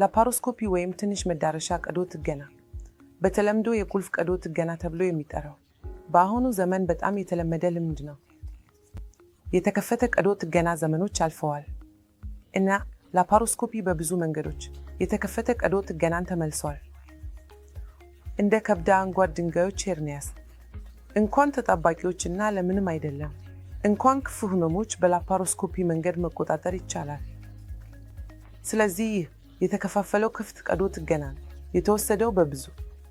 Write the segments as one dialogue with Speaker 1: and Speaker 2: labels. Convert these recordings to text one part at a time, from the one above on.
Speaker 1: ላፓሮስኮፒ ወይም ትንሽ መዳረሻ ቀዶ ጥገና በተለምዶ የቁልፍ ቀዶ ጥገና ተብሎ የሚጠራው በአሁኑ ዘመን በጣም የተለመደ ልምድ ነው። የተከፈተ ቀዶ ጥገና ዘመኖች አልፈዋል እና ላፓሮስኮፒ በብዙ መንገዶች የተከፈተ ቀዶ ጥገናን ተመልሷል። እንደ ከብዳ አንጓድ ድንጋዮች፣ ሄርኒያስ እንኳን ተጣባቂዎች እና ለምንም አይደለም እንኳን ክፉ ህመሞች በላፓሮስኮፒ መንገድ መቆጣጠር ይቻላል። ስለዚህ የተከፋፈለው ክፍት ቀዶ ጥገና የተወሰደው በብዙ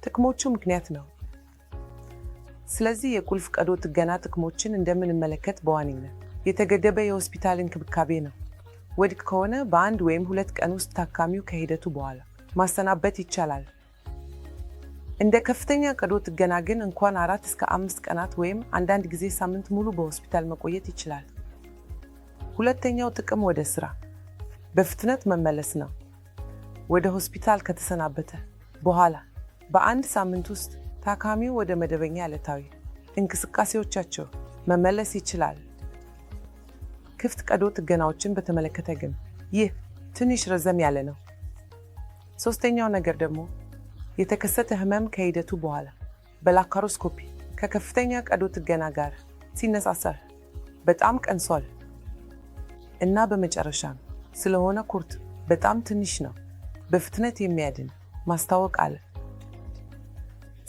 Speaker 1: ጥቅሞቹ ምክንያት ነው። ስለዚህ የቁልፍ ቀዶ ጥገና ጥቅሞችን እንደምንመለከት በዋነኝነት የተገደበ የሆስፒታል እንክብካቤ ነው። ወድቅ ከሆነ በአንድ ወይም ሁለት ቀን ውስጥ ታካሚው ከሂደቱ በኋላ ማሰናበት ይቻላል። እንደ ከፍተኛ ቀዶ ጥገና ግን እንኳን አራት እስከ አምስት ቀናት ወይም አንዳንድ ጊዜ ሳምንት ሙሉ በሆስፒታል መቆየት ይችላል። ሁለተኛው ጥቅም ወደ ስራ በፍጥነት መመለስ ነው። ወደ ሆስፒታል ከተሰናበተ በኋላ በአንድ ሳምንት ውስጥ ታካሚው ወደ መደበኛ ዕለታዊ እንቅስቃሴዎቻቸው መመለስ ይችላል። ክፍት ቀዶ ጥገናዎችን በተመለከተ ግን ይህ ትንሽ ረዘም ያለ ነው። ሶስተኛው ነገር ደግሞ የተከሰተ ህመም ከሂደቱ በኋላ በላካሮስኮፒ ከከፍተኛ ቀዶ ጥገና ጋር ሲነጻጸር በጣም ቀንሷል እና በመጨረሻም ስለሆነ ኩርት በጣም ትንሽ ነው። በፍጥነት የሚያድን ማስታወቅ አለ።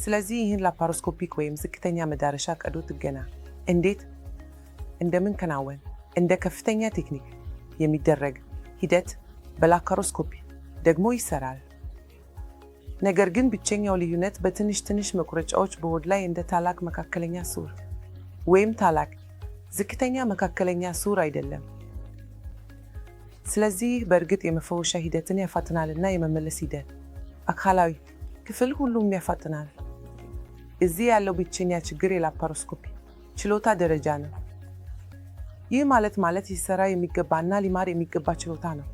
Speaker 1: ስለዚህ ይህን ላፓሮስኮፒክ ወይም ዝቅተኛ መዳረሻ ቀዶ ጥገና እንዴት እንደምንከናወን እንደ ከፍተኛ ቴክኒክ የሚደረግ ሂደት በላፓሮስኮፒ ደግሞ ይሰራል። ነገር ግን ብቸኛው ልዩነት በትንሽ ትንሽ መቁረጫዎች በሆድ ላይ እንደ ታላቅ መካከለኛ ሱር ወይም ታላቅ ዝቅተኛ መካከለኛ ሱር አይደለም። ስለዚህ በእርግጥ የመፈወሻ ሂደትን ያፋጥናልና የመመለስ ሂደት አካላዊ ክፍል ሁሉም ያፋጥናል። እዚህ ያለው ብቸኛ ችግር የላፓሮስኮፒ ችሎታ ደረጃ ነው። ይህ ማለት ማለት ሲሰራ የሚገባና ሊማር የሚገባ ችሎታ ነው።